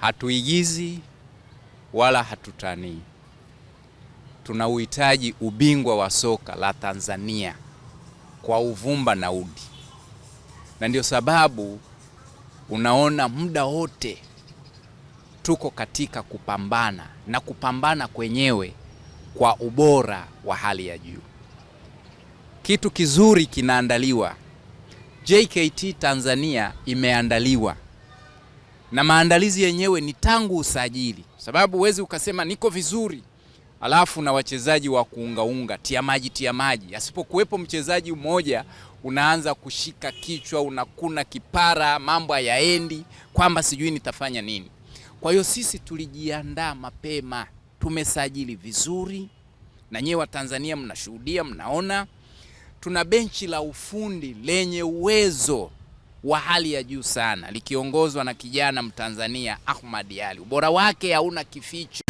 hatuigizi wala hatutanii. uhitaji ubingwa wa soka la Tanzania kwa uvumba na udi, na ndio sababu unaona muda wote tuko katika kupambana na kupambana kwenyewe kwa ubora wa hali ya juu. Kitu kizuri kinaandaliwa. JKT Tanzania imeandaliwa na maandalizi yenyewe ni tangu usajili, sababu huwezi ukasema niko vizuri alafu na wachezaji wa kuungaunga tia maji tia maji. Asipokuwepo mchezaji mmoja, unaanza kushika kichwa, unakuna kipara, mambo hayaendi, kwamba sijui nitafanya nini. Kwa hiyo sisi tulijiandaa mapema, tumesajili vizuri, na nyewe Watanzania mnashuhudia, mnaona tuna benchi la ufundi lenye uwezo wa hali ya juu sana likiongozwa na kijana Mtanzania Ahmad ali Ubora wake hauna kificho.